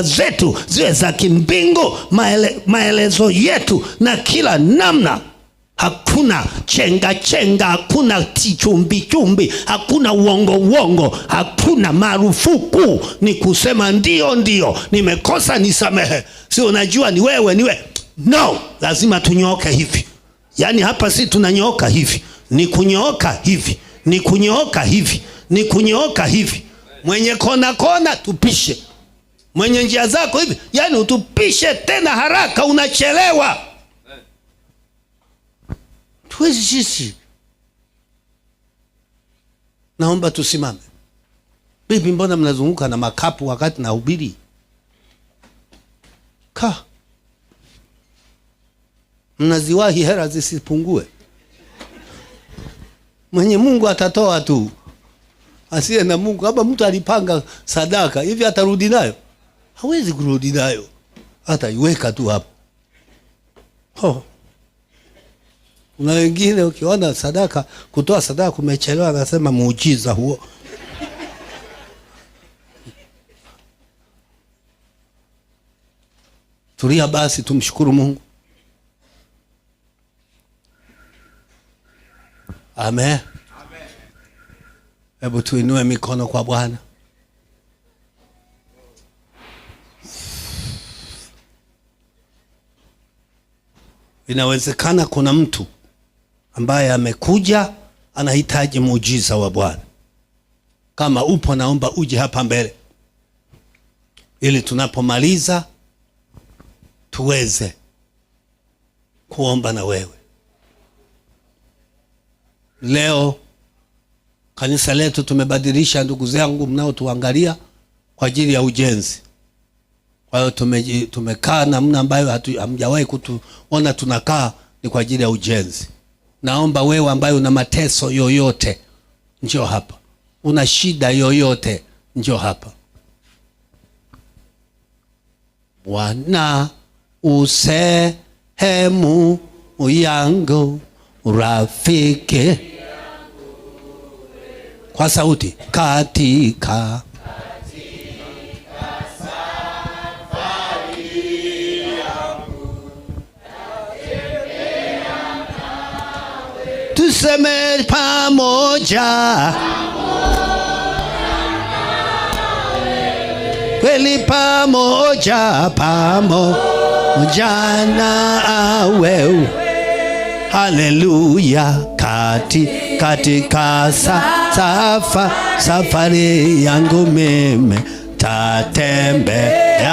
zetu ziwe za kimbingu, maele, maelezo yetu na kila namna. Hakuna chenga chenga, hakuna tichumbi chumbi, hakuna uongo uongo, hakuna marufuku. Ni kusema ndio ndio, nimekosa nisamehe, si unajua ni wewe niwe no. Lazima tunyooke hivi, yaani hapa si tunanyooka hivi, ni kunyooka hivi, ni kunyooka hivi, ni kunyooka hivi, mwenye kona kona tupishe mwenye njia zako hivi, yani utupishe tena haraka, unachelewa. Tuwezi sisi. Naomba tusimame. Bibi, mbona mnazunguka na makapu wakati nahubiri? Ka mnaziwahi hera zisipungue. Mwenye Mungu atatoa tu, asiye na Mungu, kama mtu alipanga sadaka hivi atarudi nayo? hawezi kurudi nayo, hata iweka tu hapo ho. wengine ukiona sadaka, kutoa sadaka kumechelewa, anasema muujiza huo. Tulia basi, tumshukuru Mungu. Amen. Hebu tuinue mikono kwa Bwana. Inawezekana kuna mtu ambaye amekuja anahitaji muujiza wa Bwana. Kama upo, naomba uje hapa mbele ili tunapomaliza tuweze kuomba na wewe. Leo kanisa letu tumebadilisha, ndugu zangu mnaotuangalia, kwa ajili ya ujenzi. Kwa hiyo tume, tumekaa namna ambayo hamjawahi kutuona tunakaa, ni kwa ajili ya ujenzi. Naomba wewe ambaye una mateso yoyote, njoo hapa. Una shida yoyote, njoo hapa. Bwana usehemu yangu rafiki, kwa sauti katika Tuseme pamoja, kweli pamoja, pamoja na wewe. Haleluya, kati katika sa, safa safari yangu mimi tatembe